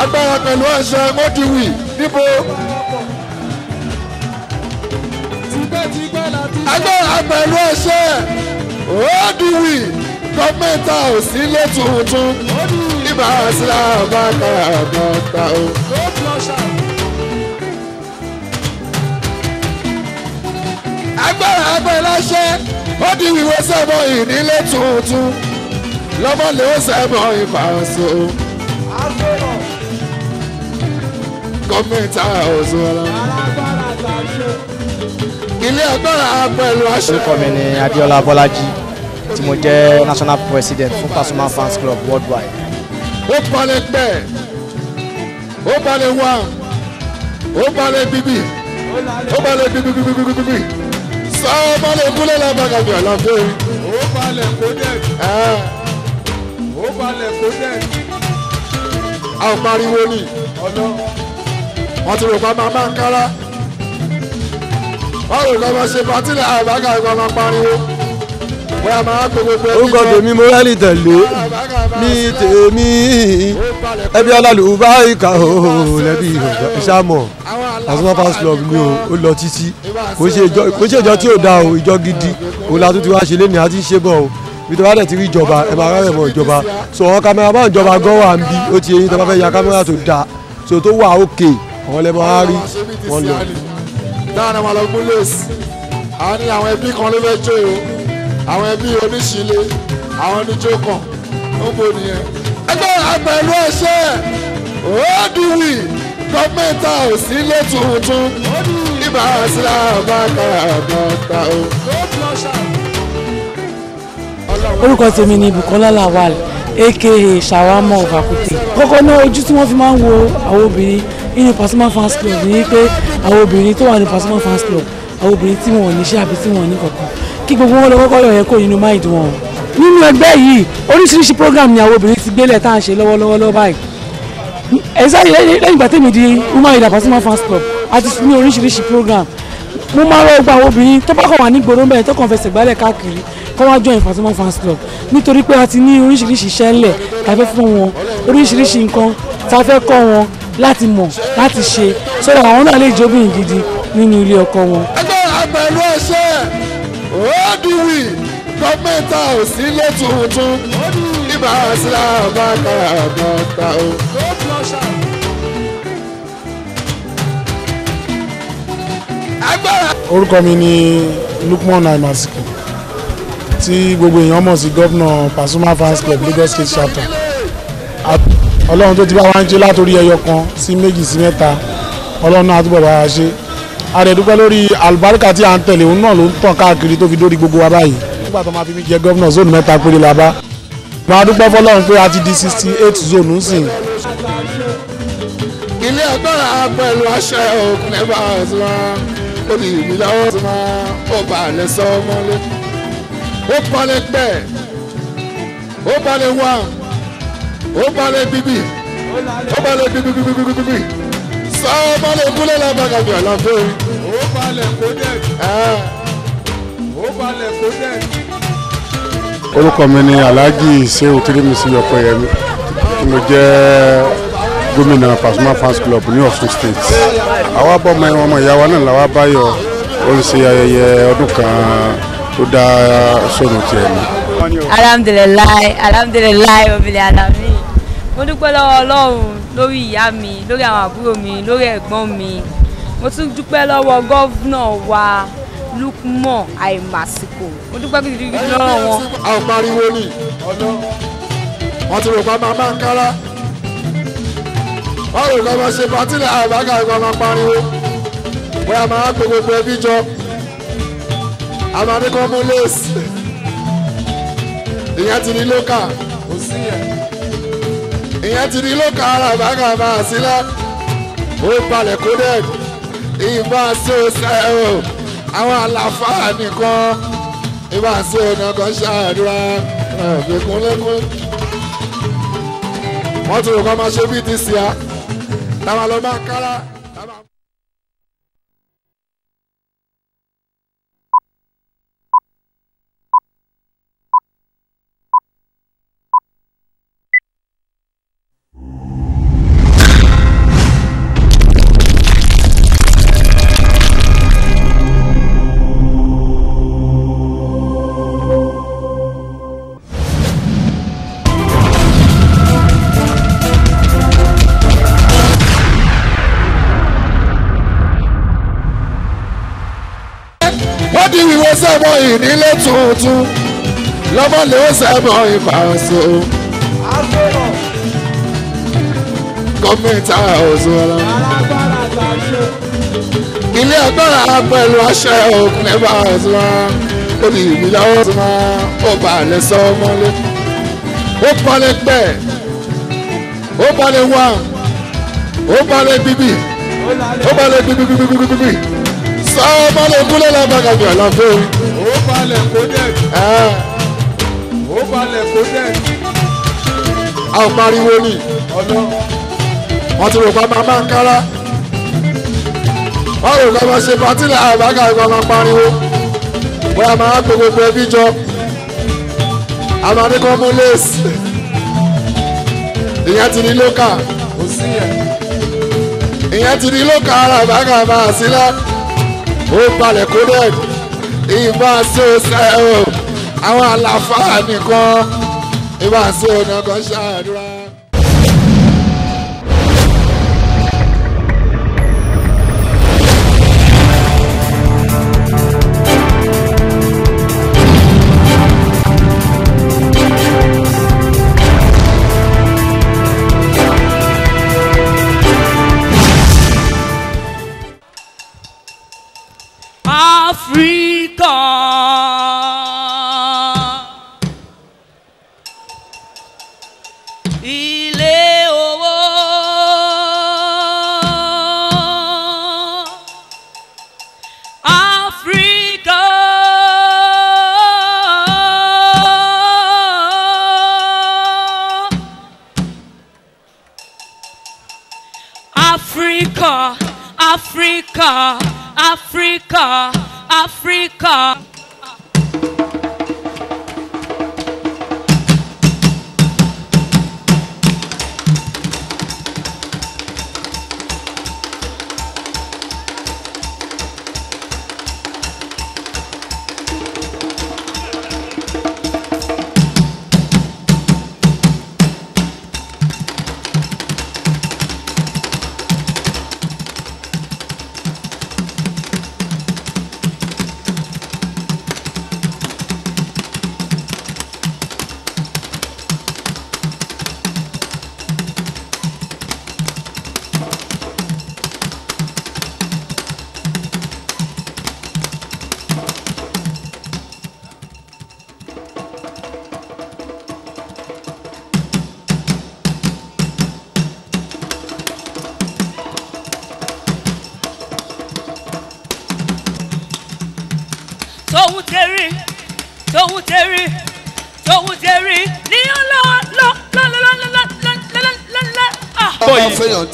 agbára pẹ̀lú ẹ̀ṣẹ̀ mọ́dìwì níbo. agbára pẹ̀lú ẹ̀ṣẹ̀ mọ́dìwì gọ́ọ̀mẹ̀ntà ò sí létuntun ibà sílá bàtà bàtà o. agbára pẹ̀lú ẹ̀ṣẹ̀ mọ́dìwì wọ́n sẹ́mọ̀ ìnílé tuntun lọ́mọ lè ó sẹ́mọ̀ ìfàṣọ. gọ́ọ̀mẹ̀ntì àwòsàn wọn. ilé agbára pẹ̀lú aṣọ. orúkọ mi ni Abíọ́lá Bọ́lájí tí mo jẹ́ national president fún Pasuma fans club worldwide. ó balẹ̀ gbẹ ó balẹ̀ wá ó balẹ̀ bíbí ó balẹ̀ bíbí bíbí bíbí bíbí sọ balẹ̀ kúlẹ̀ lábàgàgbà láfẹ́. ó balẹ̀ kó dẹ̀ ah. ó balẹ̀ kó dẹ̀. a ò pariwo ni. ọ̀nà wọ́n ti rò pa máa máa ń kára wọ́n rò lọ́wọ́ ṣe pàtí lẹ́ àbága ìwà máa pariwo wọ́n a máa pe gbogbo ẹbí jẹ́ orúkọ tèmi mọ́rálì tẹ̀lé ní tèmi ẹbí ọlọ́lù bá ìkà lẹ́bí ìṣàmọ̀ àsùnwọ̀n fast club ni o ó lọ títí kò ṣe ìjọ tí ò da o ìjọ gidi o la tún ti wá ṣe lé ní àti ṣe bọ̀ o nítorí wàá dẹ̀ ti rí ìjọba ẹ̀ máa rárẹ̀ mọ́ ìjọba so àwọn kámẹ́rà báwọn ìjọba gan wà ń bí ó ti eyín tó bá fẹ́ ya kámẹ́rà tó da so tó wà ókè àwọn ẹlẹ́bọn á rí wọn lọ. dáhùn àwọn àlọ́gbọ́n lèsì àwọn ní àwọn ẹbí kan ló fẹ́ jó o àwọn ẹbí oníṣìlè àwọn oníjó kan ó bò nìyẹn. ẹgbẹ́ àpẹ̀lú ẹ̀ṣẹ́ òdùwì gọ́ọ̀mẹ̀ntà ò sí létuntun ibà sílá bàtà bàtà o. orúkọ tèmi ni Bukola Lawal aka Shawarma of Akute náà ojú tí wọ́n fi máa ń wo àwọn obìnrin inú Pasuma fans club ní pé àwọn obìnrin tó wà ní Pasuma fans club àwọn obìnrin tí wọn ò ní iṣẹ́ àbí tí wọn ò ní kankan kí gbogbo wọn lọ kọ́kọ́ yọ yẹn inú máìdì wọn nínú ẹgbẹ́ yìí oríṣiríṣi program ni àwọn obìnrin ti gbélé tá à ń ṣe lọ́wọ́lọ́wọ́ lọ́wọ́ báyìí ẹ̀sán lẹ́yìn ìgbà tèmi di woman leader Pasuma fans club a ti ní oríṣiríṣi program mo máa rọ gba àwọn obìnrin tó bá kàn wà ní gbòòrò mẹ́rin tó kàn fẹsẹ̀ gbálẹ̀ káàkiri kó wá join Pasuma fans club nítorí pé a ti ní oríṣiríṣi iṣẹ́ ńlẹ̀ tá fẹ́ fún wọn oríṣiríṣi nǹkan tá fẹ́ kọ́ wọn láti mọ̀ láti ṣe sọ́dọ̀ àwọn náà lè jóbìn gidi nínú ilé ọkọ wọn. ẹgbẹ́ àgbẹ̀lú ẹ̀ṣẹ́ òdùwì gọ́ọ̀mẹ́ntà ò sí lẹ́tùntún ibà sílá bàtà bàtà o. orúkọ mi ni Lukman Almasiku tí gbogbo èèyàn mọ̀ sí gómìnà Pasuma fans club Lagos state chapter ọlọ́run tó ti bá wa ń ṣe látòrí ẹyọ kan sí méjì sí mẹ́ta ọlọ́run náà túbọ̀ bá wa ṣe àrẹ̀dúpẹ́ lórí àlùbáríkà tí à ń tẹ̀lé òun náà ló ń tàn káàkiri tó fi dórí gbogbo wa báyìí nígbà tó máa fi mí jẹ gómìnà zone mẹ́ta péré la bá máa dúpẹ́ fọlọ́run pé a ti di sixty eight zone ń sìn. ilé agbára pẹ̀lú aṣọ òkun ẹ̀fà ọ̀sùnmá olè ìbílẹ̀ ọ̀sùnmá ọba àlẹ́ sọ ọmọlé ó pọnlẹ̀ pẹ́ ó pọnlẹ̀ wọ́n ó balẹ̀ bíbí ó balẹ̀ bíbí bíbí bíbí bíbí sọ balẹ̀ kúlẹ̀ lábàgà bí àlàfo. ó balẹ̀ kó dẹ̀. Ah. ó balẹ̀ kó dẹ̀. orúkọ mi ni Alhaji Shehu Tirimisi Ọpẹ́yẹmí tí mo jẹ́ gómìnà Pasuma fans club ní Ọ̀ṣun state àwa bọ́ ọmọ ọmọ ìyá wa náà làwa báyọ̀ ó ń ṣe ayẹyẹ ọdún kan tó dá sọ̀rọ̀ tiẹ̀ ní. alhamdulilayi alhamdulilayi obìnrin alami mo dúpẹ́ lọ́wọ́ ọlọ́run lórí ìyá mi lórí àwọn àbúrò mi lórí ẹ̀gbọ́n mi mo tún dúpẹ́ lọ́wọ́ gọ́vnà wa Lukman àìmásìkò mo dúpẹ́ gidigidi lọ́wọ́ wọn. a ò pariwo ni ọ̀dọ́ wọn ti rò pa máa máa ń kára wọn rò pa ṣe patílẹ̀ àìbáka ìgbà máa pariwo bóyá máa pe gbogbo ẹbí jọ a máa mú léèsì ìyẹn ti ní lókà kò sí yẹn ìyẹn ti di lóka ara ìbáka máa sílẹ̀ ó balẹ̀ codec ìbá so sẹ́rò àwọn àlàfáà nìkan ìbá so nàkan ṣàdúrà ìfikún lẹ́kún. wọ́n tún kọ́ máa ṣe bí ti sìá táwọn lọ máa kára. nílé tuntun lọ́mọ lè ó sẹ́mọ̀ ìfàṣọ. gọ́mẹ̀ntà ọ̀sùn ọ̀la. ilé agbára pẹ̀lú ọṣẹ òkun ẹ̀ bá ọ̀sùn ọ̀la. ó di ọ̀sùn ọ̀la ó bà lè sọ ọmọlé. ó pọ́nlẹ̀ pẹ́ ó pọ́nlẹ̀ wá ó pọ́nlẹ̀ bíbí ó pọ́nlẹ̀ bíbí bíbí bíbí bíbí sọ balẹ̀ kúlẹ̀ lábàgà bí àlàfo. ó balẹ̀ kó dẹ̀. ó balẹ̀ kó dẹ̀. a ò pariwo ni. wọ́n ti rò pa máa máa ń kára. wọ́n rò pa máa ṣe patí là àbágà ìgbà máa pariwo. bóyá máa gbé gbogbo ẹbí jọ. a máa ní kọ́ mú léèsì. ìyẹn ti ní lókà. kò sí yẹn. ìyẹn ti ní lókà ara àbágà máa sí ó balẹ̀ kó dẹ̀ ìbá so ṣe o àwọn àlàfáà nìkan ìbá so nàkan ṣàdúrà.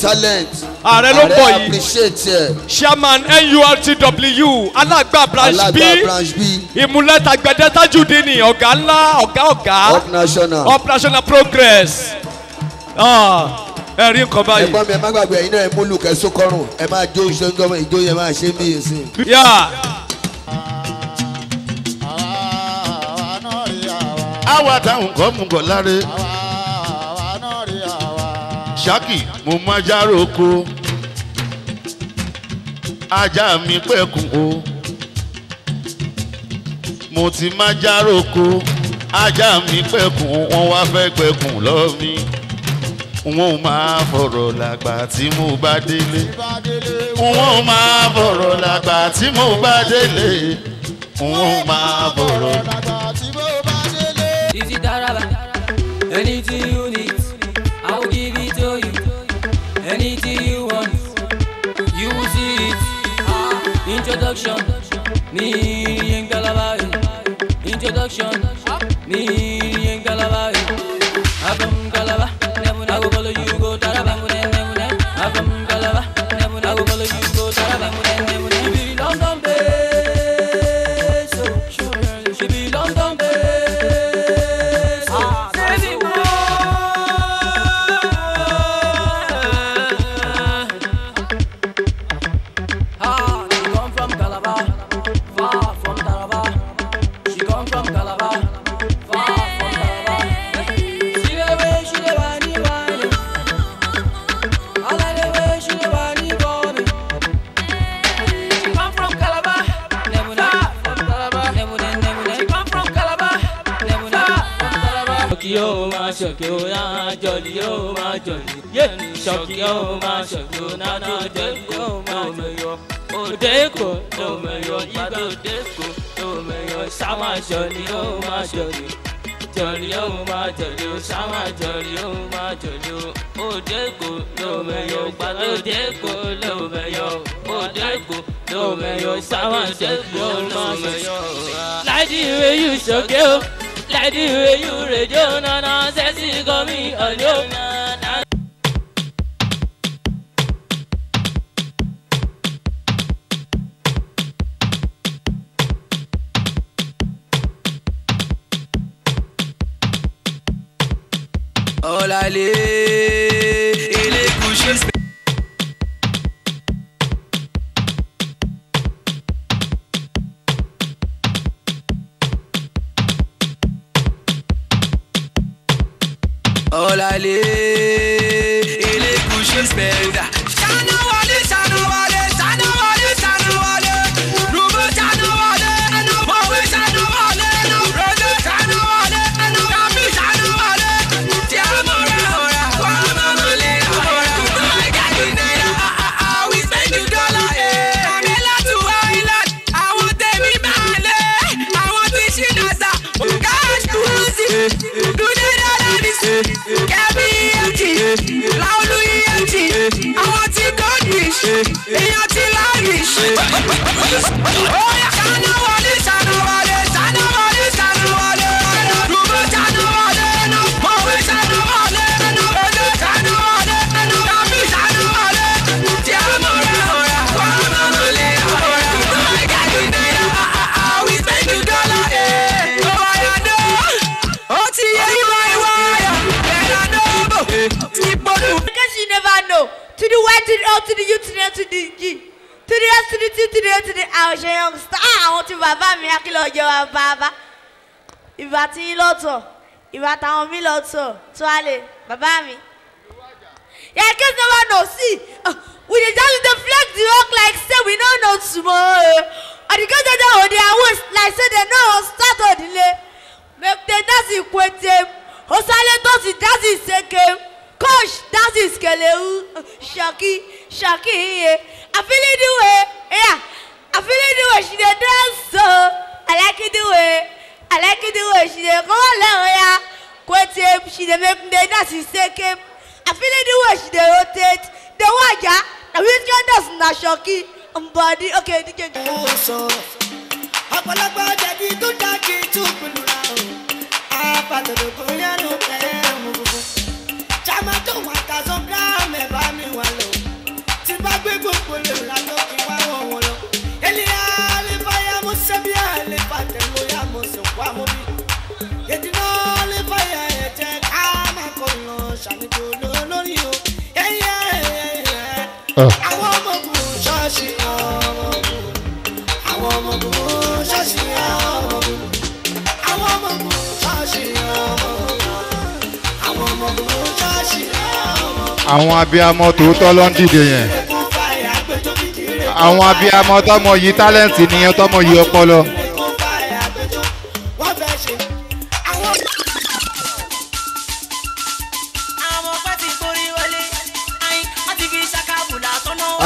talent. ààrẹ ló pọ̀ yìí. ààrẹ appreciate ẹ. chairman nurtw alágbà branch b ìmúlẹ̀ta gbẹdẹ́tajude ni ọ̀gá ńlá ọ̀gá ọ̀gá up national up national progress. Ah, ẹ̀rí nǹkan báyìí. ẹ̀gbọ́n mi ẹ má gbàgbé ẹ̀yin náà ẹ mú lùkẹ́ sókọrùn ẹ máa jó ìṣẹ́ńgọ́mọ ìjó yẹn máa ṣe bí sí. àwa táwọn kọ́ mú gọ̀ láre àṣákì mo máa járòkó ajá mi pẹ̀kun o mo ti máa járòkó ajá mi pẹ̀kun wọ́n wá fẹ́ pẹ̀kun lọ́ mi wọn ò máa fọ̀rọ̀ làgbà tí mo bá délé wọn máa fọ̀rọ̀ làgbà tí mo bá délé wọn máa fọ̀rọ̀ làgbà. introduction. Ni yeng talabai. Introduction. jọ̀lì ó máa jọ̀lì jọ̀lì ó máa jọ̀lì ó ṣá máa jọ̀lì ó máa jọ̀lì ó òde kò lómẹyọ gbàlódé kò lómẹyọ òde kò lómẹyọ ṣá máa jọ̀lì ó lómẹyọ. like the way you ṣoge o like the way you rejo nana sexy gọmi ọ̀lẹ́ o. I live. the Y to the O oh, to the U to the N to the G to the S to the T to the A to the A ọ̀ṣẹ̀ youngster ah àwọn ti bàbá mi akílọ̀ ọjọ́ wa bàbá ìbá ti lọ́tọ̀ ìbá táwọn mi lọ́tọ̀ tó a lè bàbá mi. Yeah, in case no know. knows, see, uh, we dey just dey flex the work like say we don't know tomorrow. And the girls know. there on their waist like say they no wan start on delay. Make they dance in kwete, Osale toss it, dance in sekem. Coach, that is Keleu. Shaki, Shaki, eh. I feel it the eh. way. Yeah, I feel it the eh. way she dey dance. So I like it the way. I like it the way she did roll her. Yeah, quite him. She dey make me dance. She said, I feel it the way she dey rotate. The waja, the whisker does not Shaki. Um, body, okay, the change. Oh, Ọ̀pọ̀lọpọ̀ jẹ̀bi tó dákì tó pinnu ra Àpàtàkùn yẹn ló fẹ́. àwọn abiyamọ tòótọ́ ló ń dìde yẹn àwọn abiyamọ tọmọ yìí tálẹ́ǹtì nìyẹn tọmọ yìí ọpọlọ.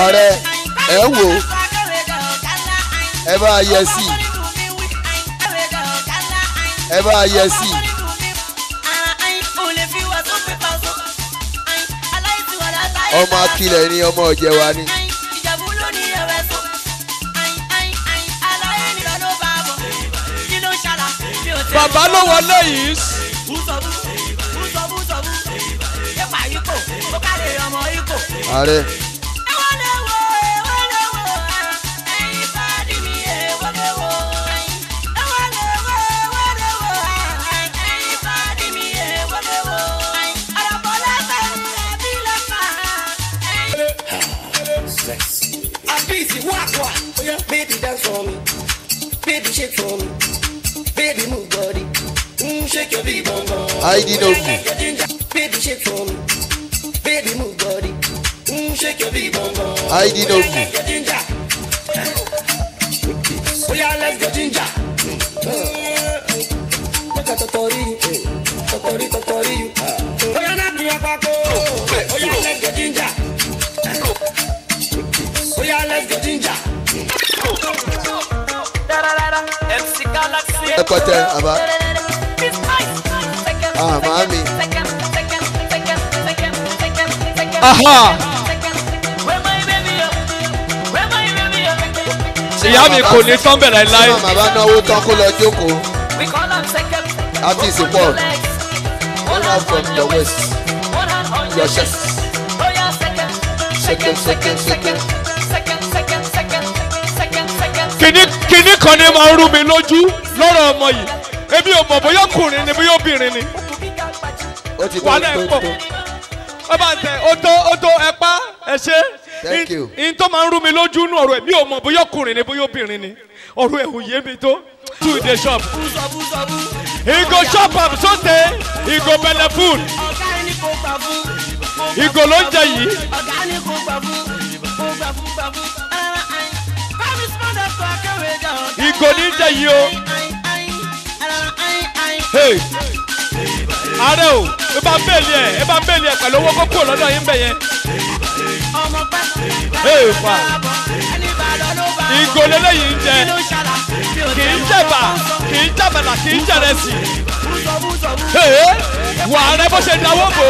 ààrẹ ẹ wò ẹ bá a yẹ sí ẹ bá a yẹ sí. ọmọ akilẹ̀ ni ọmọ ọ̀jẹ̀ wa ni. bàbá ló wọlé yìí. ààrẹ. IDW. Baby, shake for me. Baby, move body. Mm, shake your big bum IDW. Oh yeah, let's go ginger. Oh yeah, now do a Oh yeah, let's go ginger. Mm. Oh yeah, let's go ginger. MC Galaxy. Epate, aba. Ah, mami. Aha. Ìyá mi kò ní tán bẹ̀rẹ̀ láyé. Ṣé màmá bá náwó tán kó lọ jókòó? Happy is One hand from your waist, your chest. Second, second, second. Kìnní kìnní kan ní máa ń rú mi lójú lọ́rọ̀ ọmọ yìí. Èmi ò mọ̀ bóyá ọkùnrin ni bóyá obìnrin ni wàhálà ẹ̀ pọ̀ ẹ bá ń tẹ ó tó ó tó ẹ pa ẹ ṣe in tó máa ń rú mi lójú nù ọ̀rọ̀ ẹ̀ mi ò mọ̀ bóyá ọkùnrin ni bóyá obìnrin ni ọ̀rọ̀ ẹ̀ ò yé mi tó to the shop he go chop am sotey he go belle full he go ló ń jẹ yìí. ìgò ní jẹ yìí o ààrẹ o ẹ bá ń bèèlì ẹ ẹ bá ń bèèlì ẹ pẹ̀lú owó kókó lọ́dọ̀ yín bẹ̀ yẹn. ọmọ pẹ́sẹ̀ ìgbà bọ̀ ẹni bá lọ́nà bá lọ. ìgò lélẹ́yìí ń jẹ kì í jẹ̀bà kì í jàbàlà kì í jẹ̀rẹ̀sì. ee wà á rẹ bó ṣe dáwọ́ bò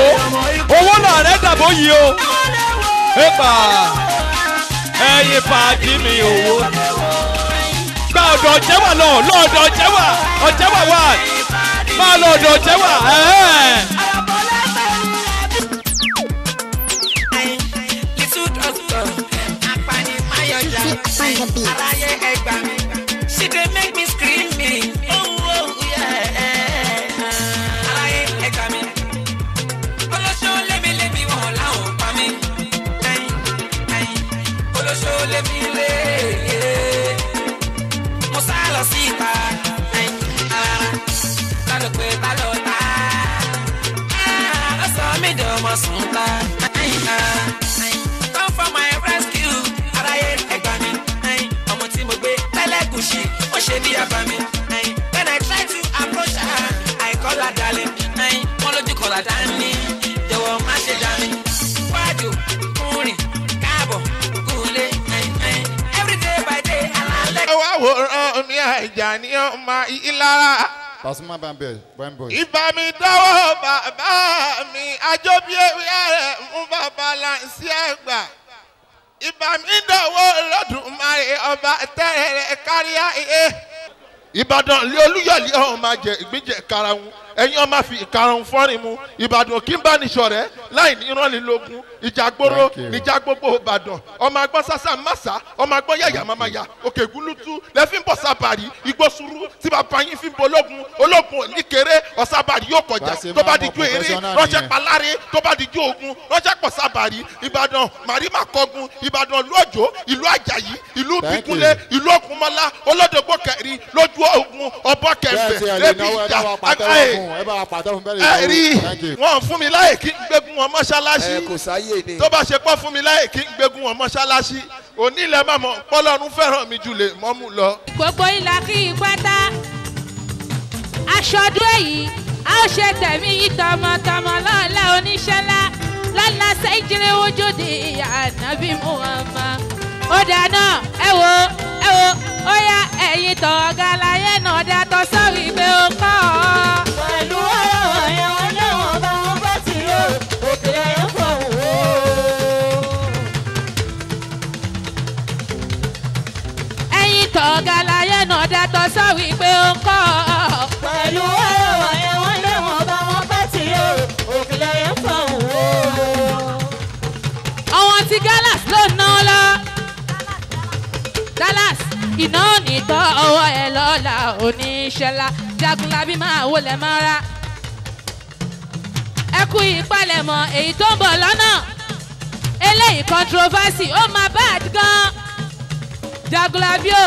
ó owó náà rẹ dàbò yìí o. ẹ̀pà ẹ̀yìn pàdí mi òwò. gba ọ̀dọ̀ ọ̀jẹ̀wà lọ lọ́ọ̀dọ̀ ọ̀jẹ̀wà ọ̀jẹ̀wà wà máa lọ ọ̀dọ̀ jẹ́wà. On the beat. ma ìlara. Pasuma bá ń bẹ̀ Ìbá mi dáwọ́ bàbá mi, àjọ rẹ̀ mú bàbá láǹsí àgbà. Ìbá mi dáwọ́ lọ́dùnmáre ọba tẹ́rẹ̀ kárí ayé. Ìbàdàn lé olúyọ̀lé ọ̀hún máa jẹ ìgbíjẹ karahun ẹ̀yin ọmọ fi ìkarahun fọ́rin mu ìbàdàn kí n bá níṣọ rẹ láì ní ìrànlélógún ìjàgbóró níjà gbogbo ìbàdàn ọmọ agbọ́n sásà màsà ọmọ agbọ́n yàyà mamaya òkè gúlútú lẹ́fí ń bọ̀ sábàrí igbó suru tí bàbá yín fi ń bológun ológun òní kéré ọ̀sàbàrí yóò kọjá tó bá di ju eré rọ́ṣẹ́ paláre tó bá di ju ogun rọ́ṣẹ́ pọ̀sàbàrí ìbàdàn màrímà kọ́gun ìbàdàn lọ́jọ́ ìlú àjàyí ìlú bíkúnlé ìlú òkúmọ́lá olódògbò kẹrin lójú ogun ọbọ̀ kẹfẹ́ lẹ́bi ìjà akáyè ẹ̀rí wọn fún mi láyè kí n gbégun wọn mọ́ṣáláṣí tó bá ṣe pọ́ fún mi láyè kí n gbégun wọn mọ́ṣáláṣí onílẹ̀ mọ̀mọ́ pọ́lọ́run fẹ́ràn mi jù lè mọ́mú lọ. gbogbo ìlà kí ipá ta aṣọdún èyí a ó ṣe tẹ̀mí yìí tọmọtọmọ lọ́la oníṣẹ́ ńlá lọ́la sẹ́jìrì wújúdi ànábì Muhammad ó dáná ẹ wo ẹ wo ó yá ẹ̀yin tọ̀ ọ̀gá láyé náà dátọ́ sọ́rí pé ó kọ́ ọ. Báńkì náà ní tọ́ ọwọ́ ẹ lọ́la oníṣẹ́lá Jagunlabi máa wọlé mọ́ra. Ẹ kú ìpalẹ̀mọ́ èyí tó ń bọ̀ lọ́nà. Eléyìí controversy ó máa bad gan. Jagunlabi o,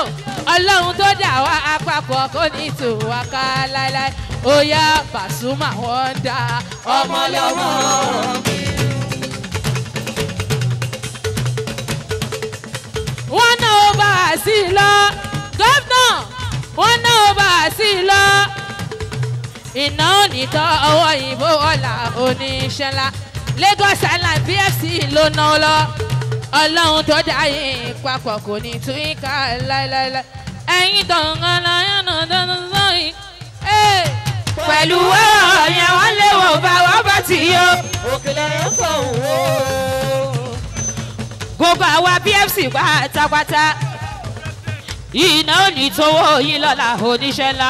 ọlọ́run tó dà wá àpapọ̀ kò ní tù wá ká láéláé. Ó yá Pasuma wọ́n dá ọmọ lọ́wọ́ mi. wọ́n náà ó bá a sí i lọ gómìnà wọ́n náà ó bá a sí i lọ. iná onítọ̀ ọwọ́ ìbò ọ̀la oníṣẹ́ Lagos Island BFC ló ná lọ ọlọ́run tó dá yìí papọ̀ kò ní tún ká láéláé ẹ̀yin tọ̀ngàn láyé náà dáná sọ́yìn pẹ̀lú ọ̀yàn wọn lè wọ̀ bá wọ́n bá ti yọ. òkèlè ń fọ̀ wọ́n gbogbo àwa pfc pátápátá iná ò ní tówó yín lọ́la oníṣẹ́ ńlá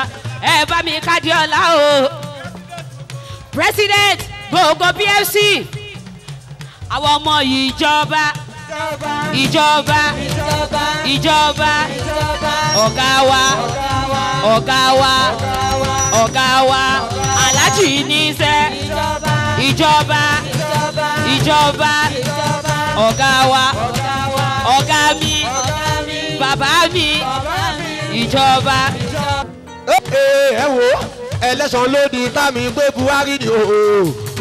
ẹ bá mi kájí ọ̀la o president gbogbo BFC, àwọn ọmọ ìjọba ìjọba ìjọba ọ̀gá wa ọ̀gá wa ọ̀gá wa aláàjì níṣẹ́ ìjọba ìjọba ọ̀gá wa ọ̀gá mi bàbá mi ìjọba. ẹ wo ẹlẹ́sàn lódì tàmí gbé buhari ni o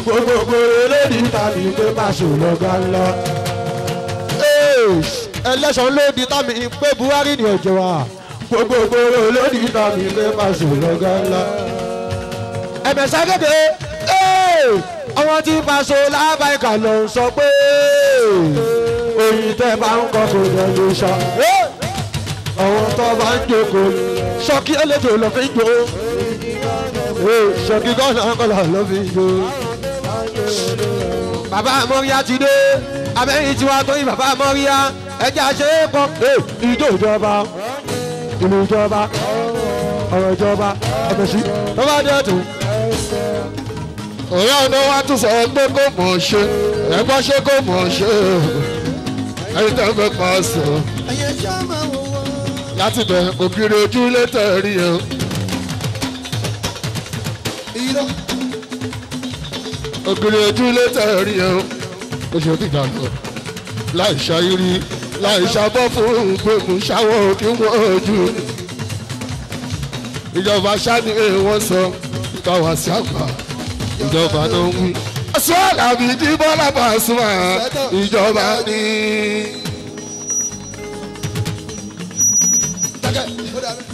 gbogbogbò lódì tàmí gbé pàṣẹ lọ́gà ńlá ẹlẹ́sàn lódì tàmí gbé buhari ni ọjọ́ wa gbogbogbò lódì tàmí gbé pàṣẹ lọ́gà ńlá ẹ̀mẹ̀sà kéde ọmọ tí pàṣẹ lábàáyé kà ló ń sọ pé oyin tẹ́ bá ń kọ́ kò yẹ ló sọ. àwọn tó bá ń jókòó ṣọ́kí elédè ló fi ń jó. ṣọ́kí gọ́nà kọ́là ló fi ń jó. bàbá amóríyá ti dé abẹ́yìn tiwa tó yin bàbá amóríyá ẹjẹ́ àṣẹ pọ̀. ìjọ ìjọba ìlú ìjọba ọ̀rọ̀ ìjọba ẹ̀bẹ̀ sí. bàbá adé ọ̀tún òyà ọ̀nà wa tún sọ pé kò mọ̀ ṣe ẹ bá ṣe kò mọ̀ ṣe o ẹni tó ń bẹ pa ọsẹ o. láti bẹ ògiri ojú létà rí o. ògiri ojú létà rí o. oṣù tí ìdàgbọ́ láì ṣayírí láì ṣàbọ̀ fún gbẹ̀mú ṣàwọ̀ kí wọ́n ojú. ìjọba ṣáà ni èèwọ̀ sọ ìtawà sí àgbà ìjọba tó ń. sọ́ọ̀lá mi ti bọ́lá Pasuma ìjọba ni.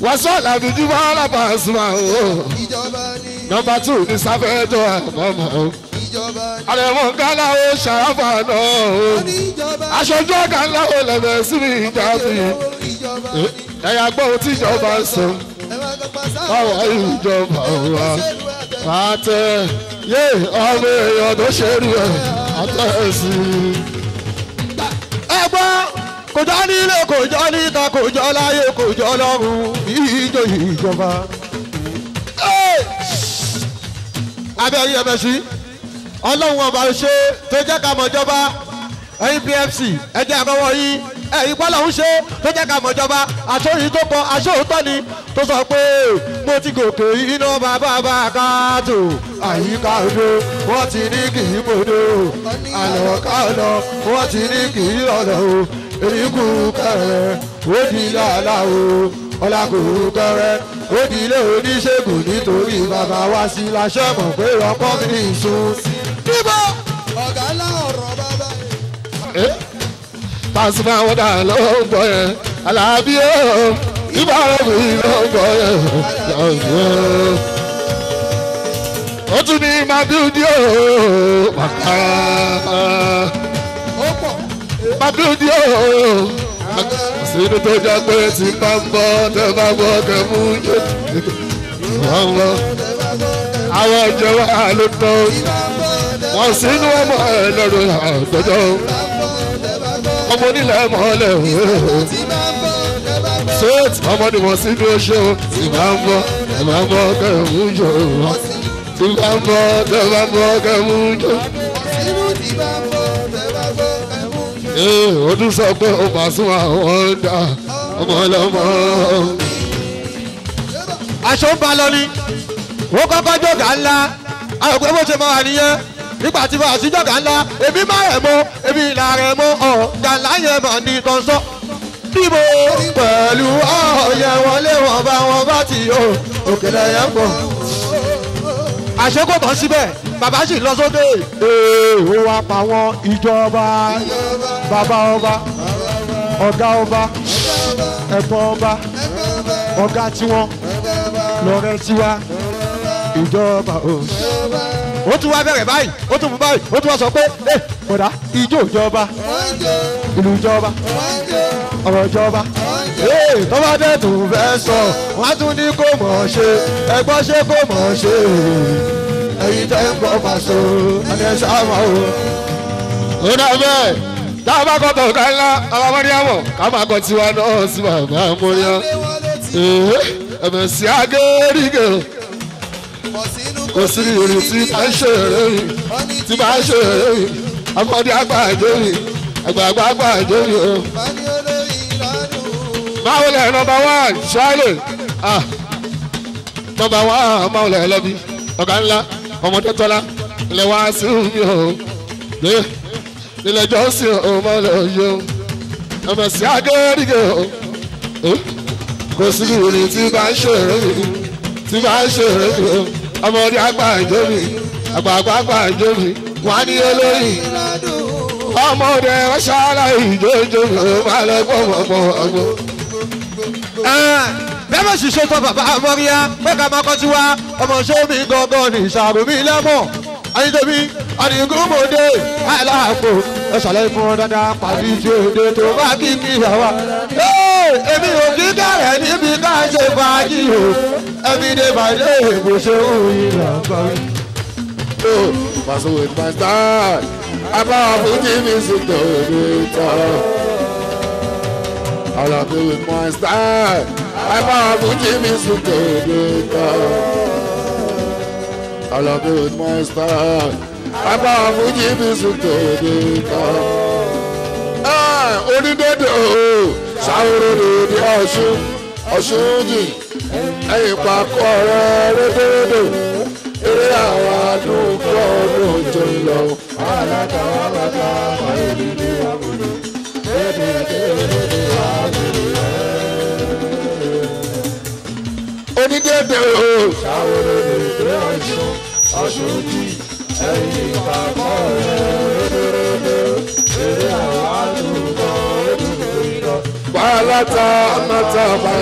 wàsọ́ọ̀lá mi ti bọ́lá Pasuma o. nọmba tù ní sáfẹ́tọ̀ àbámọ́ o. àrẹ̀mọ̀ gánà ó ṣàráfà náà o. aṣojú ọ̀gá ńlá ó lẹ̀bẹ̀ sí mi ìjà mi. ẹ̀yà gbọ́ ohun tíjọba sọ. báwo ayé ìjọba wa. Pátẹ́ yé ọmọ èèyàn tó ṣe rí ẹ àtẹ̀sí. ẹ gbọ́ kò jọ nílé kò jọ níta kò jọ láyé kò jọ lọ́run ìjọ ìjọba. abẹ́rẹ́ yẹn bẹ̀ sí ọlọ́run ọba ṣe tó jẹ́ ká mọ̀jọba ẹ̀yin PFC ẹ jẹ́ àkọ́wọ́ yín ẹ̀yìn pọ́lá ń ṣe tó jẹ́ ká mọ̀jọba àṣóyí tó kọ aṣóòótọ́ ni tó sọ pé mo ti gòkè iná bàbá bá káàtó àyíká odò wọ́n ti ní kì í mọ̀dọ̀ àlọ́ ká lọ wọ́n ti ní kì í lọ́lọ́ o èyí kù kẹrẹ ó di lọ́la o ọlá kù kẹrẹ ó di ilé oníṣègùn nítorí bàbá wa sí láṣẹ mọ̀ pé ọkọ mi ní ìsun. níbo ọ̀gá ńlá ọ̀rọ̀ bàbá yìí. Pasuma wọ́dà ló ń gbọ́ yẹn Alábí ó ìbára mi ló ń gbọ́ yẹn yọ̀ọ̀yọ̀. Ó tún ní Màdúdí ó Màkàrà. Màdúdí ó sínú tó jẹ́ pé tí bá ń bọ́ tẹ́ bá bọ́ tẹ́ mú yé. Àwọn ìjọba ló tán. Wọ́n sínú ọmọ ẹ̀ lọ́dún àgbẹ̀dọ́ ọmọ onílẹ̀ mọ́lẹ̀ o. sèétì ọmọ ni mo sì dúró ṣe o tì máa ń bọ́ ẹ máa ń bọ́ kẹ́ ẹ mú jọ o. tì máa ń bọ́ kẹ́ ẹ máa ń bọ́ kẹ́ ẹ mú jọ. ee ọdún sọ pé ó máa sún àwọn ọ̀dà ọmọ ọlọ́mọ. aṣọ ń ba lọ ni wọ́n kọ́kọ́ jọ̀gá ńlá àwọn òpè bó ṣe máa wà nìyẹn nígbà tí fàṣí jọ̀gá ńlá èmi má rẹ̀ mọ́ èmi ìlà rẹ̀ mọ́ ọ̀gá láyẹ̀ mà ní tọ́sọ́. Bíbo pẹ̀lú ọ̀yẹ̀ wọlé wọn bá wọn bá ti yọ òkèlè yẹn pọ̀. Àṣekò tán síbẹ̀, bàbá sì lọ sókè. Èèwò wa pa wọn ìjọba bàbá ọba ọ̀gá ọba ẹ̀gbọ́n ọba ọ̀gá tiwọn lọ́rẹ́ tiwa ìjọba o ó tún wá bẹ̀rẹ̀ báyìí ó tún mú báyìí ó tún wá sọ pé ẹ eh, mọ̀dá ijó ìjọba ìlú ìjọba ọ̀rọ̀ ìjọba eh, tọ́wọ́ dẹ̀ tún fẹ́ sọ wọ́n á tún ní kó mọ̀ ṣe ẹgbọ́n ṣe kó mọ̀ ṣe ẹ̀yin tẹ́ ń bọ̀ pàṣọ ẹni ẹ sáàmà o. ó dà bẹ́ẹ̀ tá a bá kọ́ tó ká ńlá ọmọ mọ́ríyàmọ̀ ká máa kọ́ tiwa náà sí bàbá mọ́ríyàmọ̀ eh, ẹ̀mẹ̀sì kò sí èrè tí bá ń ṣe èrè yìí tí bá ń ṣe èrè yìí ọmọdé àgbà àjòyè àgbààgbà àgbà àjòyè o. máwùlẹ̀ nọmba wán ṣáàlẹ̀ nọmba wán máwùlẹ̀ ẹlẹ́bi ọ̀gá ńlá ọmọdé tọ́lá ilẹ̀ wá sí mi o ilẹ̀ jọ́sìn o máwùlẹ̀ òye o ọmọ sí agẹ́rìgẹ́ o kò sí èrè tí bá ń ṣe èrè tí bá ń ṣe èrè ọmọdé àgbà ìjọbi àgbààgbà àgbà ìjọbi wà ní olórí ọmọdé ọ̀ṣára ìjọjọ má lọ gbọmọgbọ ọgbọ. bẹ́ẹ̀ bá ṣiṣẹ́ tó bàbá amọ́ríyá pé ká máa kọ́tí wá ọmọ sómi gangan ní ìṣàrò mi lẹ́mọ̀ ayédèmí àdìgúnmọ̀dé aláàpò ẹ̀ṣọ̀lẹ́ fún ọ dáadáa pàdé tí o dé tó bá kíkì yà wá. èmi ò kí kẹ̀rẹ̀ níbi ká ṣe fàájì o. Every day by day, we show you love. Oh, pass with my star. I'm to be music I love be with my style. I'm to be music I love be with my style. I'm a to be donator. Ah, onídọ́dọ̀ ṣàwòrán lòdì ọ̀ṣun ọ̀ṣun yìí ìpàkọ́ rẹ rédèrèdè eré àwọn àdúgbò ọdún tó lọ. alákàwá bàbá o. ṣàwòrán lè dé ọ̀ṣun ọ̀ṣun jì ẹ̀yìn ìpàkọ́ rẹ rédèrèdè eré àwọn àdúgbò ọdún tó lọ. wàhálà tá a máa tá a bá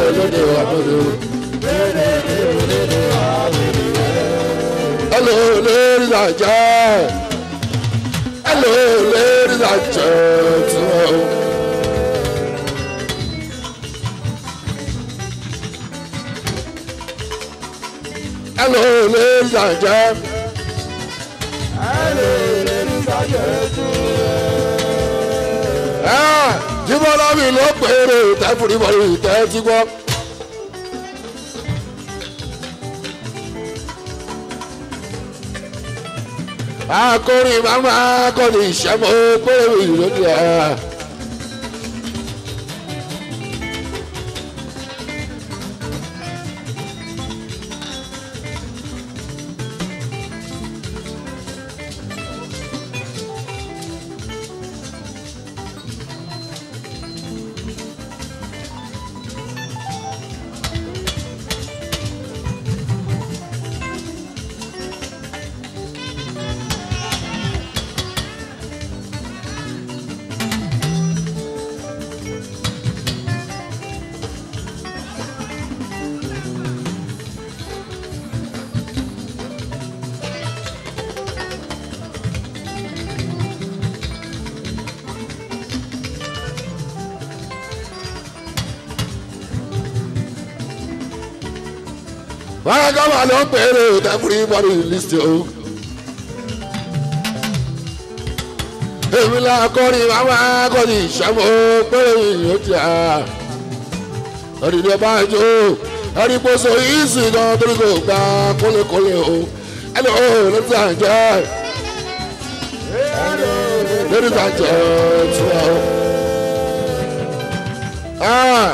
Hello, ladies and gents. Hello, ladies and gentlemen. Hello, ladies and gents. Hello, ladies and gentlemen. Ah, Jíbọ́lá mi ló pèrè ìtẹ́fùrí bọ́lú akọrin màmá akọrin ìṣẹ́mọ̀ ó pé ìròyìn rẹ̀. ta ló bẹ̀rẹ̀ everybody list o. èmi la kọrin màmá kọrin ìṣàmù péré yìí ó ti à. ẹ̀rìndé bá ń jó ẹ̀rí gbóso ìsìn náà torí kò gba kólékólé o. ẹni o lórí àjẹ́ lórí àjẹ́ tí wọ́n.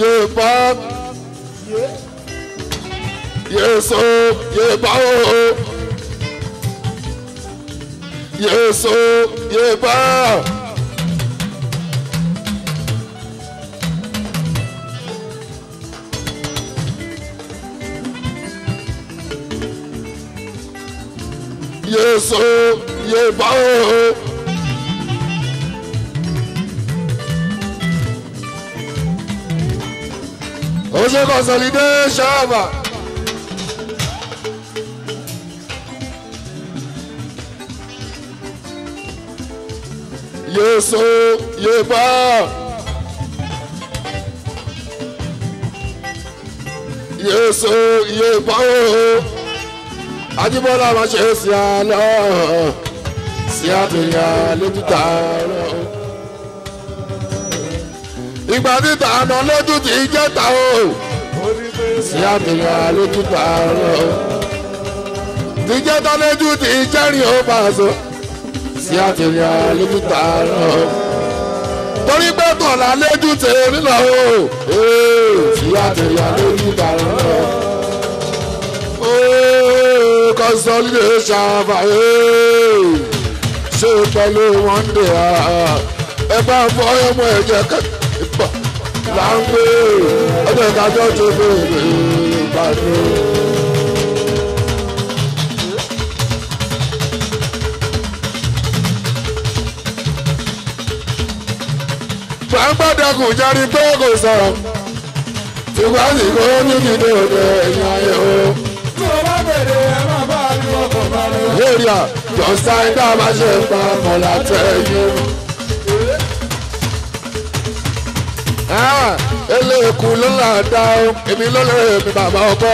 yóò bá. Jésù yèbá o Jésù yèbá. Jésù yèbá o. Oje consolidation. Jésù yé bá. Jésù yé bá o. Ajíbọ́lá máa ṣe sí àná sí àtúnyà lójútà lọ. Ìgbà títa àná lójú ti jẹ́ta o. Sí àtúnyà lójútà lọ. Ti jẹ́ta lójú ti jẹ́rìí ó bá a sọ sí àtìrìn àlejò tààrọ̀ torí pé tọ̀lá lójú tèmi lọ o sí àtìrìn àlejò tààrọ̀ o consolidation fàyè ṣe pẹ̀lú one day ẹ bá fọ ọmọ ẹ̀jẹ̀ kẹ́kẹ́ là ń gbé ọjọ́ ìdájọ́ tó bẹ̀rẹ̀ ìbàdàn. gbàǹgbàdà kò jáde pé kò sọ̀rọ̀ ṣùgbọ́n sì kó ní kí dòdò ẹ̀yìn ayé o. tí o bá bèrè ẹ má bá a ní ọkọ̀ bá rẹ. lórí à jọ̀sán dá máa ṣe pa mọ̀lá tẹ̀yìn. eléèkú ló ń dá o èmi ló lè mi bàbá ọkọ.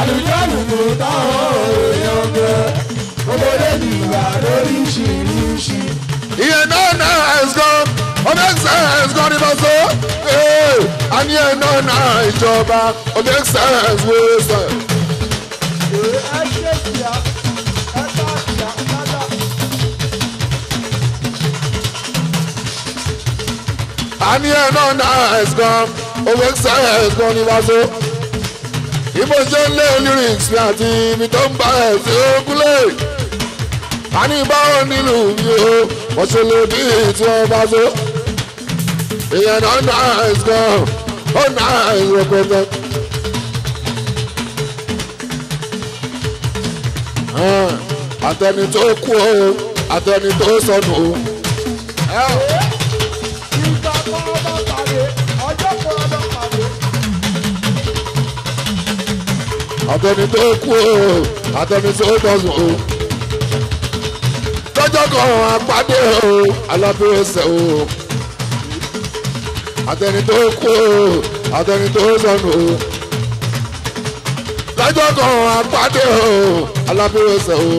àlùjá lùkù táwọn èèyàn gbẹ owó lè dìgbà lóríṣiríṣi. iye náà náà ẹ̀ omexcess gọ́dí bá so a ní ẹ̀nà náà ìjọba omexcess wéé sọ. a ní ẹ̀nà náà ìjọba omexcess gọ́dí bá so. ibo jẹ́ lé lyrics mi àti mi tó ń bá ẹ̀ sí ogúnlẹ̀. a ní báwo nílùú mi o wọ́n ṣe lè bí tí wọ́n bá so ìyẹn náà náà gan ó náà rẹpẹtẹ. àtẹni tó kú o àtẹni tó sọnù o. ìgbà kan ọba pàdé ọjọ́ kan ọba pàdé. àtẹni tó kú o àtẹni tó sọnù o. lọ́jọ́ kan àpàdé o alábẹ́rẹ́ sẹ́ o àtẹni tó kú àtẹni tó sọnù o lọ́jọ́ kan àpàdé o alábírọ̀sẹ̀ o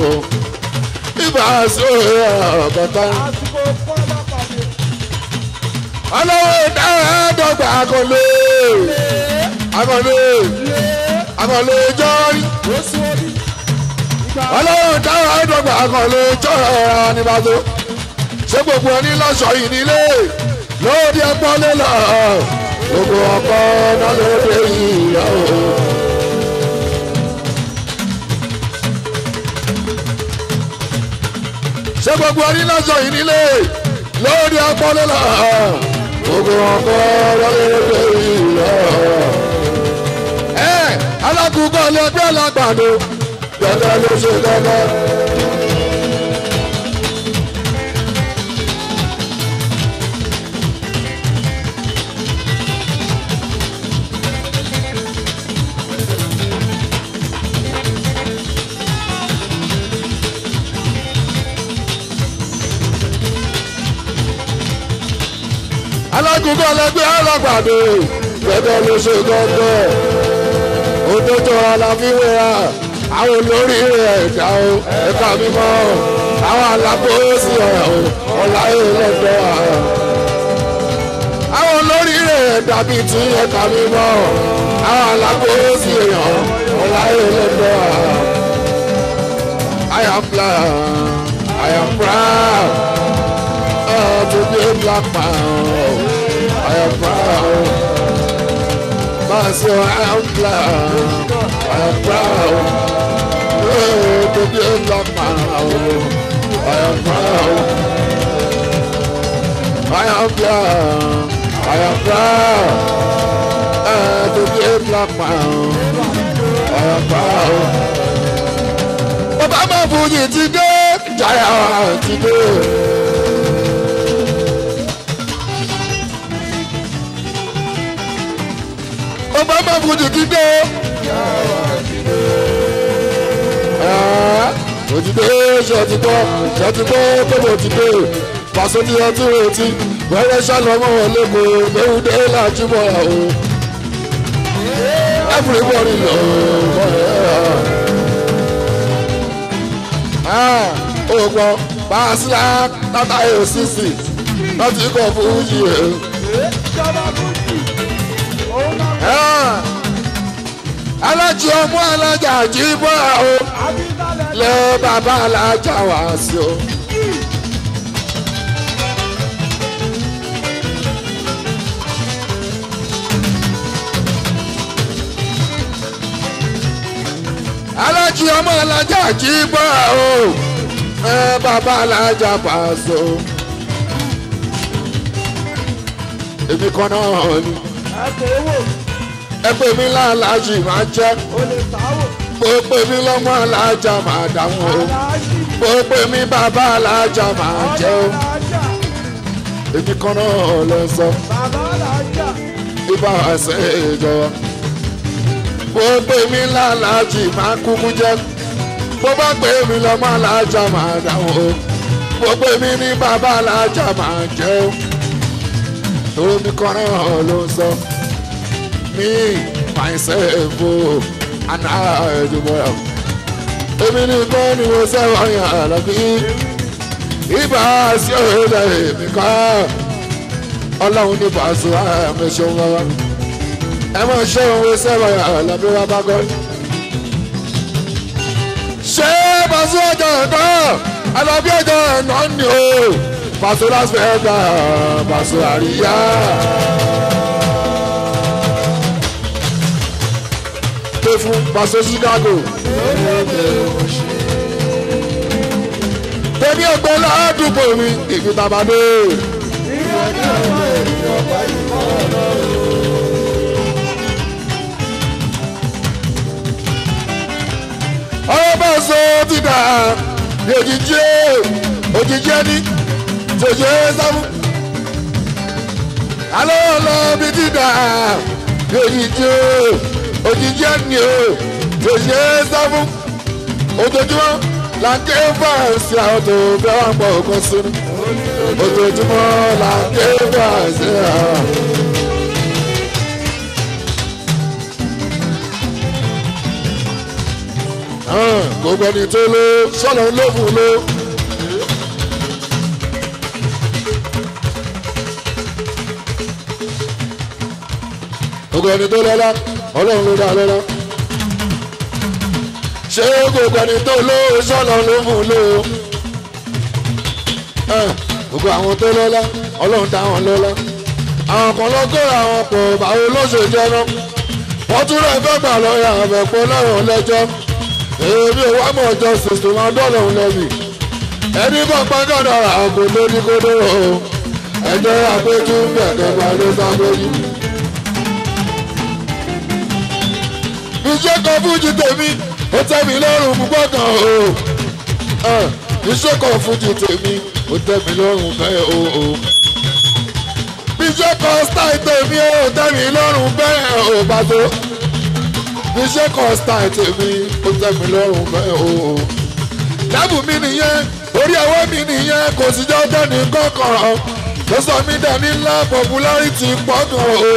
ibà sí òye ọ̀gọ́ta. ọlọ́wọ́ ìdáyàdọ́gba akọ̀lé akọ̀lé akọ̀lé jọ́rí. ọlọ́wọ́ ìdáyàdọ́gba akọ̀lé jọ́rọ̀ ẹ̀rọ nígbà tó ṣé gbogbo ẹni lọ́sọ̀ọ́ yìí nílé lórí ọpọ nílà gbogbo ọpọ náà lóde ìyá o. ṣé gbogbo ẹni náà sọ yìí nílé lórí ọpọ nílà gbogbo ọpọ náà lóde ìyá o. ẹ alákùúkọ lẹgbẹ́ làgbàdo dandan ló ṣe dandan. ibùdó lẹgbẹ́ alágbàdo gẹ́gẹ́ ló ṣe gángan òdòdó aláfíwéra àwọn olórí rẹ̀ ẹ̀dá o ẹ̀ka mímọ́ àwọn alábòósì ọ̀rọ̀ ọ̀láyé lẹ́gbẹ́ ààrẹ. àwọn olórí rẹ̀ ẹ̀dá bíi ẹ̀ka mímọ́ àwọn alábòósì èèyàn ọ̀láyé lẹ́gbẹ́ ààrẹ. I am proud. I am proud, of the black man proud. My soul, I'm proud. I am proud. Hey, to be a love I am proud. I am proud. I to be black man. I am proud. Bàbá máa fún yìí ti dé, jàyà ti dé. bàbá máa fojú kíndé. òjìdé ah, ṣètìtọ́ ṣètìtọ́ tóbi òjìdé pàṣẹ ní ọtí retí wẹ́rẹ́ ṣàlọ́mọ́ ọ̀lẹ́kọ̀ gbẹ̀wúdé làjúmọ̀ àwọn. everybody oh, lọ́wọ́ ah, ògbọ́ pàṣẹ tata èsìsì láti kọ̀ fún yìí. Ah! alájí ọmọ alájà jí bọ́ o lẹ bàbá alájà wá sí o. alájí ọmọ alájà jí bọ́ o ẹ bàbá alájà Paso. èmi kan náà ni ẹ pè mí láàlájì máa jẹ́ bó pè mí lọ́mọ alájà máa dàmú o bó pè mí bàbá alájà máa jẹ́ o èmi kan náà lọ sọ ibà àṣẹ ìjọba bó pè láàlájì máa kúkú jẹ́ bó bá pè lọ́mọ alájà máa dàmú o bó pè ní bàbá alájà máa jẹ́ o èmi kan náà lọ sọ me, myself, oh, and I do well. Èmi ni kọ́ ni mo sẹ́wọ̀n yàn àlàbí. Ibà sí ọ̀rẹ́dà èmi kọ́. Ọlọ́run ní bàṣọ you, wọn wá. Ẹ máa ṣe òun sẹ́wọ̀n yàn àlàbí wá bá gọ́. Ṣé bàṣọ ọjọ́ ẹ̀kọ́? Àlàbí you, ẹ̀nà ni o. Bàṣọ láti fẹ́ gbà bàṣọ àríyá. ké fún pàṣẹ Chicago. tèmi ògbó ládùúgbò mi ìlú tàbádé. ọ̀rọ̀ bá sọ ti dà ní òjijì òjijì ẹni tòjé sáfù. alọ́ lọ bí ti dà ní òjijì òjijì ẹni o kò ṣe é sá fún ojoojúmọ́ là ń ké fàǹsì àwọn tó fẹ́ wà pọ̀ òkun sunu ojoojúmọ́ là ń ké fàǹsì àwọn. gbogbo ẹni tó ló sọ̀rọ̀ lóhùn ló. gbogbo ẹni tó lọ́lá. ọlọ́run ló dá lọ́lá. gbogbo ẹni tó lówó sọ́lọ́ ló mú lówó. gbogbo àwọn tó lọ́lá ọlọ́run lọ́lá. àwọn kan lọ́gọ́ àwọn pọ̀ báwo ló ṣe jẹ́ wọ́n tún rẹ̀ fẹ́ gbà lọ́yà àbẹ̀pọ̀ lọ́rùn lẹ́jọ́. èmi ò wá mọ̀ ọjọ́ máa lẹ́bi. ẹni bá lórí kódó ẹjọ́ àpéjú iṣẹ́ kan fújì tèmi ó tẹ́ mi lọ́rùn púpọ̀ kan o iṣẹ́ kan fújì tèmi ó tẹ́ mi lọ́rùn bẹ́ẹ̀ o o iṣẹ́ kan style tèmi ó tẹ́ mi lọ́rùn bẹ́ẹ̀ o bàtó iṣẹ́ kan style tèmi ó tẹ́ mi lọ́rùn bẹ́ẹ̀ o o dábù mi nìyẹn orí ọwọ́ mi nìyẹn kò sì jọ dẹ́ni kọ̀ọ̀kan ló sọ mí dẹ́ni ńlá popularity pọ̀ kan o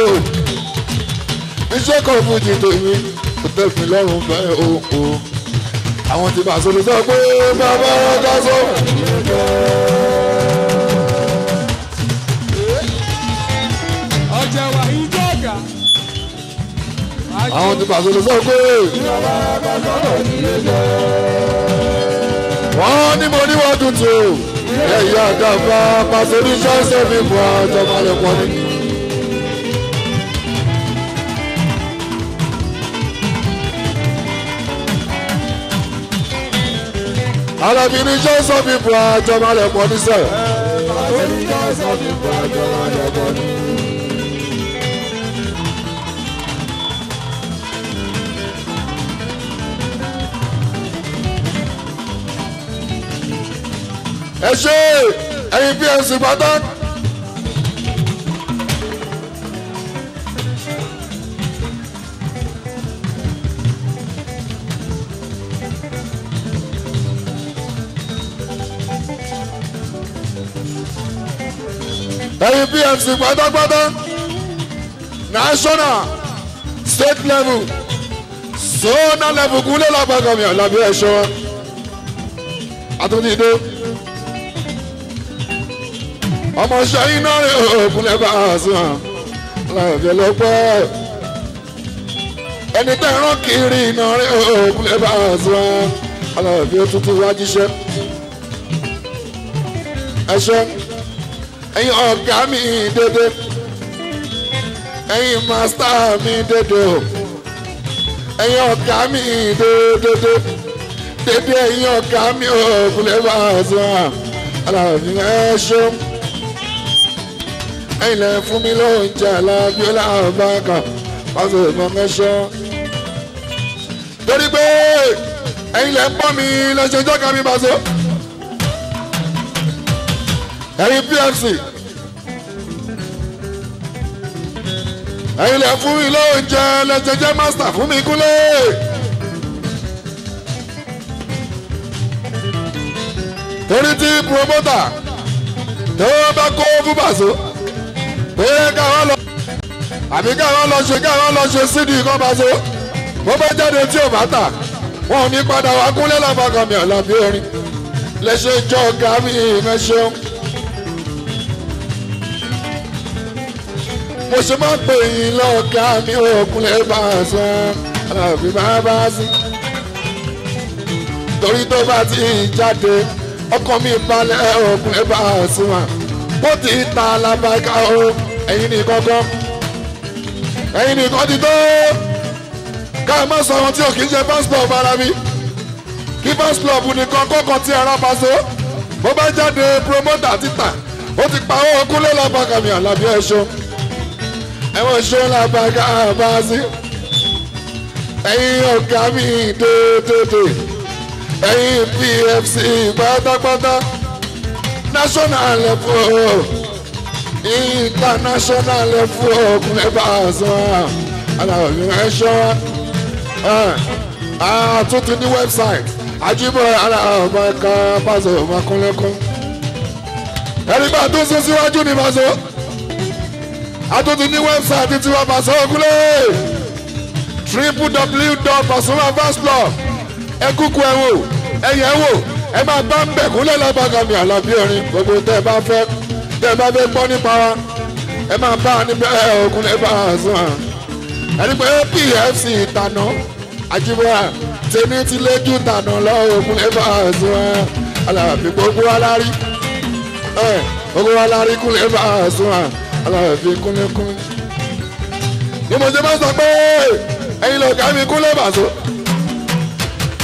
iṣẹ́ kan fújì tèmi tó fẹ́ fi lọ́rùn fẹ́ òkò. àwọn ti bá sọ̀rọ̀ sọ pé bàbá ọ̀dà sọ. ọjà wà yí jọ̀gà. àwọn ti bá sọ̀rọ̀ sọ pé. wọ́n ní mo ní wọ́n tuntun. ẹ̀yà àdàfà pàṣẹ ní sọ́ọ̀sẹ̀ mi fún ọjọ́ balẹ̀ pọ̀ ní. Àlàbí ni Joseph ibu àjọmọlẹ̀ pọ̀ ní sẹ́ẹ̀. ẹ ṣe ẹyin bí ẹ sì bá tán. ẹ̀yin PMC pátápátá national state level zonal level kúnlẹ̀ lápapọ̀ mi ọ̀làbí ẹ̀ṣọ́ àtúntìdó ọmọ ṣẹ́yìn náà rẹ̀ òkúnlẹ̀ bá a sùn hàn láàbẹ̀ lọ́pẹ́ ẹni tẹ́ rán kiri iná rẹ̀ òkúnlẹ̀ bá a sùn hàn láàbẹ̀ tuntun wájíṣẹ́ ẹ̀ṣọ́ ẹ̀yin ọ̀gá mi dédé ẹ̀yin màsítà mi dédé o ẹ̀yin ọ̀gá mi dédé dédé ẹ̀yin ọ̀gá mi ò kúlẹ̀ bá a sọ à aláàfin ẹ ṣó ẹ̀yin lẹ fún mi lóúnjẹ alábíọ́lá àbáka pàṣẹ ìmọ̀ọ́mẹ́ torí pé ẹ̀yin lẹ ń bọ́ mi lọ́sọ̀ọ́jọ́ kan mi bá ẹ̀yin pfc ẹ̀yin lẹ fún mi lóúnjẹ lẹ́jẹ̀jẹ̀ master fún mi kúnlẹ̀. torí tí promoter tó bá kó fún bàṣọ pé káwọn lọ àbí káwọn lọ ṣe káwọn lọ ṣe sídìí kọ́ bàṣọ bó bá jáde tí ò bá tà wọn ò ní padà wá kúnlẹ̀ làbàkàmì ọ̀làbí orin lẹ́sẹ̀ jọ gàmí ìmẹ̀ṣẹ̀un. mo ṣe máa pè yín lọ́ọ̀ká mi òkunlẹ̀ bá a sọ àlàbí máa bá a sí. torí tó bá ti jáde ọkọ mi balẹ̀ òkunlẹ̀ bá a sọ wa bó ti ta alábàáká o ẹ̀yin ní kọ́kọ́ ẹ̀yin ní kọ́ ti tó ká má sọ ohun tí ò kì í ṣe passport bára mi kí passport nìkan kọ́kọ́ tí ara bá so bó bá jáde promoter títà ó ti pa owó kúlẹ̀ lábàákà mi àlàbí ẹ̀ṣọ́ ẹ mọ̀ ṣọ́lá bàgà àbáṣí ẹ̀yin ọ̀gá mi dòdòdò ẹ̀yin PFC pátápátá national level international level ọkùnrin bá a sọ àlàyé ẹ ṣọ́ra àtúntò ní website àjíbọ̀ aláàbọ̀ kan pàṣẹ ọmọkúnlẹ́kún ẹni bá tó sún síwájú ní pàṣẹ àtúntò ní wẹ́bsáìtì tí wọ́n Pasuma Ogunle triple w dot Pasuma fast blog ẹ kúkú ẹ wò ẹ yẹ wò ẹ máa bá ń bẹ̀ kúnlẹ̀ lábàgàmì àlàbí orin gbogbo tẹ́ ẹ bá fẹ́ tẹ́ ẹ bá fẹ́ gbọ́ nípa wa ẹ máa bá a níbẹ̀ ẹ Ogunle Pasuma ẹni pé pfc tànà àjíbọ́ra tèmi ti lẹ́jú tànà lọ́wọ́ Ogunle Pasuma Àlàbí gbogbo alárí ẹ gbogbo alárí Ogunle Pasuma alára fi kúnlẹ̀ kúnlẹ̀. ni mo ṣe máa sọ pé ẹ̀yin lọ̀gá mi kúnlẹ̀ bàṣọ.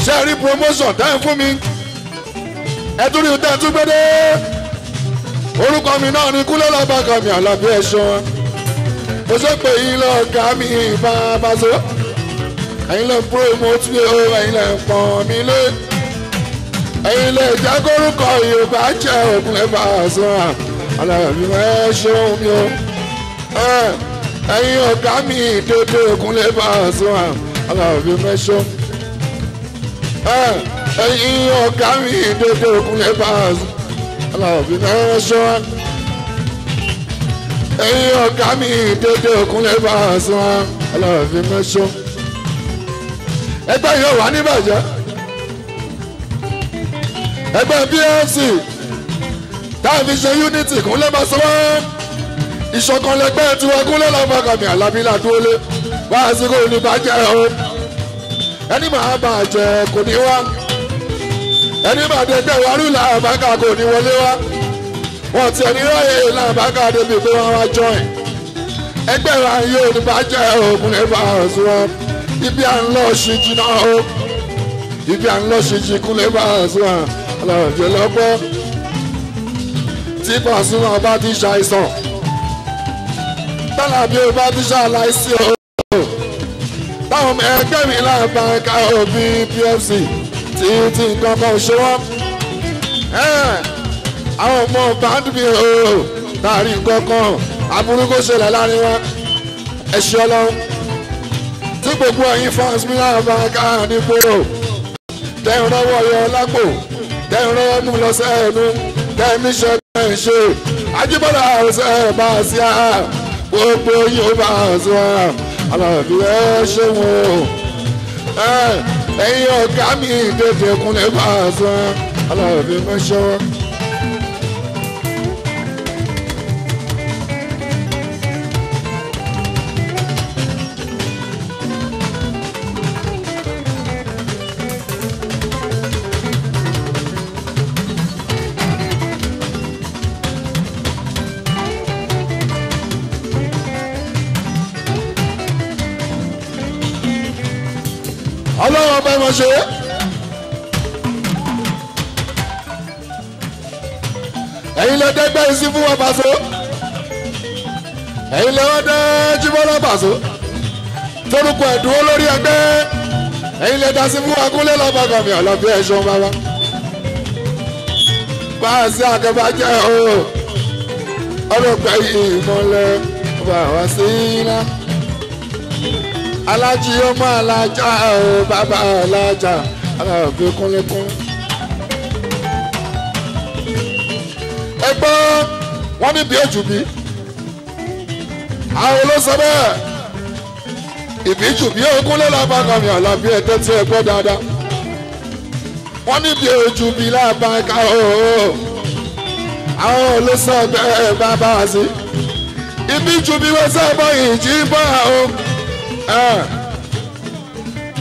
ṣé ẹ rí promotion tá ẹ fún mi ẹ tún rí ìtẹ́ tún gbédé. orúkọ mi náà ni kúnlẹ̀ lọ́bàkà mi àlàbí ẹ̀ṣọ́. mo ṣe pé ẹ̀yin lọ̀gá mi bá bàṣọ. ẹ̀yin lọ promote mi o ẹ̀yin lọ pọ̀n mi lé. ẹ̀yin lọ ìjágórúkọ Yorùbá jẹ́ òkun ẹ̀ alábí ẹ ṣeun mi o ẹ̀yin ọ̀gá mi dédé ìkúnlẹ̀ bá a sọ à alábí ẹ ṣeun ẹ̀yin ọ̀gá mi dédé ìkúnlẹ̀ bá a sọ alábí ẹ ṣeun ẹ̀yin ọ̀gá mi dédé ìkúnlẹ̀ bá a sọ à alábí ẹ ẹgbẹ́ yóò wà níbàjẹ́ ẹgbẹ́ bfc táàbí ṣe unity kúnlẹ̀ máa sọ wọ́n ìṣọ̀kan lẹgbẹ́ tiwa kúnlẹ̀ láfàkàmì àlàbílà dúrólé bá a sì kò ní bàjẹ́ o ẹni màá bà jẹ́ kò ní wá ẹni màá dẹ́gbẹ́ wárú làbákà kò ní wọlé wá wọ́n ti ẹni ráyè làbákà débi pé wọ́n wá join ẹgbẹ́ wa yóò ní bàjẹ́ o kúnlẹ̀ bá a sọ wọ́n ibi à ń lọ sí jìnnà o ibi à ń lọ sí jìnnà kúnlẹ̀ bá a sọ wọ́n aláwọ̀ jẹ́ lọ́gbọ́n tí Pasuma bá ti ṣàìsàn tọ́lá bí o bá ti ṣàlàyé o táwọn ọmọ ẹgbẹ́ mi náà bá ń ka òbí PFC tí tí nǹkan kan ṣe wọ́n àwọn ọmọ band mi o tàrí nǹkan aburú kò ṣẹlẹ̀ láàrin wa ẹ ṣe ọlọ́run tí gbogbo ẹ̀yin fans mi náà bá ń ka tẹ̀ ń rọwọ́ yọ lápò tẹ̀ ń rọwọ́ mú lọ sẹ́ẹ̀nu kẹ́mi ṣẹ́gun ṣe ajíbọ́lá ọ̀sẹ̀ bá sí a gbogbo yóò bá sí a àlàbí ẹ ṣe wọn o ẹ̀yin ọ̀gá mi tètè kúnlẹ̀ bá sí a àlàbí mẹ́ṣẹ́ wọn. wọn ṣe. ẹ̀yin lè dẹ́gbẹ́ yìí sí fún wọn pàṣẹ. ẹ̀yin lè wọ́n dẹ́ jíbọ́lá pàṣẹ. torúkọ ẹ̀dúró lórí ẹgbẹ́. ẹ̀yin lè dasí fún akúnlé lọ́gbàgbà mi ọ̀lọ́bí ẹ̀ṣọ́ bàbá. pàṣẹ àkẹ́bàjẹ́ o ọlọ́pàá yìí mọ́lẹ́ bàbá sí náà alájí ọmọ alájà o bàbá alájà ara ògbé kúnlẹ́kún. ẹ gbọ́ wọ́n ní bí ojú bí àwọn olóṣọ bẹ́ẹ̀ ìbíjù bí ogún lọ́lọ́ba kan mi ọ̀la bí ẹ̀tẹ́ tí ẹ dáadáa wọ́n ní bí ojú bí láàbá ká o àwọn olóṣọ bẹ́ẹ̀ bàbá sí ìbíjù bí wọ́n sábà ìjì bá o. Eh.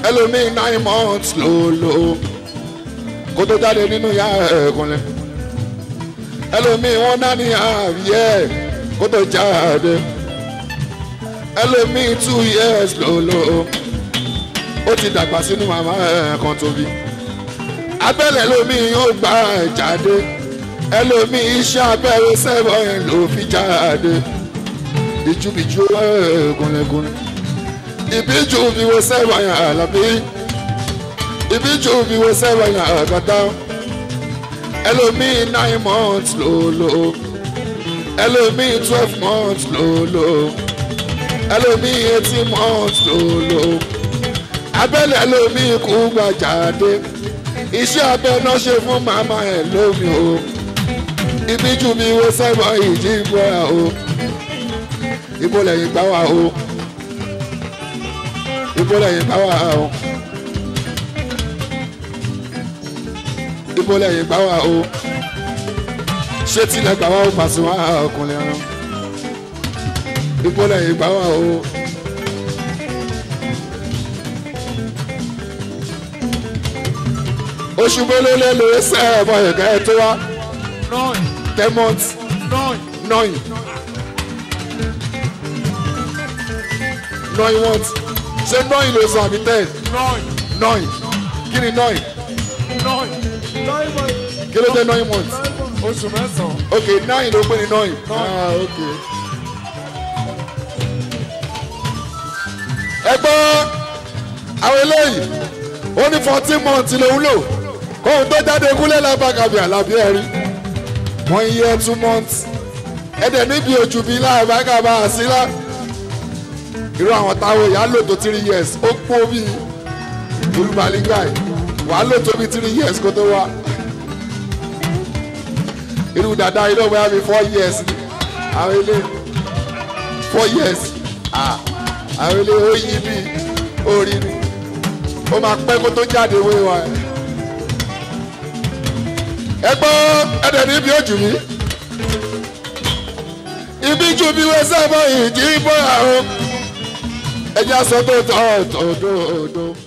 ẹlòmíì nine months ló lò kó tó jáde nínú ya ẹ̀kúnlẹ̀ ẹlòmíì wọn náà ní year, kó tó jáde ẹlòmíì two years ló lò ó ti dàgbà sínú màmá ẹ̀ẹ̀kan tóbi abẹ́lẹ̀ lómi yóò gbà jáde ẹlòmí iṣẹ́ abẹ́rẹ́ sẹ́wọ̀n ló fi jáde ìjúbìjú ẹ̀ẹ́gúnlẹ̀gúnlẹ̀ ibiju bi wo sẹ wanya alabi ibiju bi wo sẹ wanya agata ẹlòmíì nine months lolo ẹlòmíì twelve months lolo ẹlòmíì eighteen months lolo abẹ́lẹ̀ ẹlòmíì kú gbàjáde iṣẹ́ abẹ náà ṣe fún màmá ẹ̀ lómi o ibiju bi wo sẹ wanya ìjì ìbúra o ìbúlẹ̀ ìgbà wa o ìbọlẹ̀ yìí gbá wà o ìbọlẹ̀ yìí gbá wà o ṣé tilẹ̀ gbà wà o pàṣẹ wà ọkùnrin ọ̀run ìbọlẹ̀ yìí gbá wà o. oṣù mélòó ló ń sẹ́ ẹ̀ bọ̀ ẹ̀ka ẹ̀ tó wá ten months nine nine months ṣé nọ́ìn ló sọ àbí tẹ́ẹ̀. nọ́ìn kí ni nọ́ìn. kí ló jẹ́ nọ́ìn month. oṣù mẹ́sàn-án. ok nọ́ìn ló pè ní nọ́ìn. ẹ gbọ́ àwọn eléyìí ó ní fourteen months lòún lò kóhun tó jáde kúlẹ̀ lábàkàbí àlàbí ẹ̀rí one year two months ẹ̀dẹ̀ níbi òjù bíi láàbàkàbà àsílá irú àwọn táwọn ìyá lò tó three years ó pọ̀ bí olùbàlígàì wàá lò tó bí three years kó tó wá irú dàda ilé ọmọ yà mi four years àwọn ilé four years àwọn ilé ó yí bí orí ni ó máa pẹ́ kó tó jáde wé wa ẹ gbọ́ ẹ̀dẹ̀ níbi ojú mi ibi ju bí wẹ́sẹ̀ bọ́ ìdí bọ́ àwọn ẹ̀yin aṣọ tó ọ̀dọ̀ ọ̀dọ̀.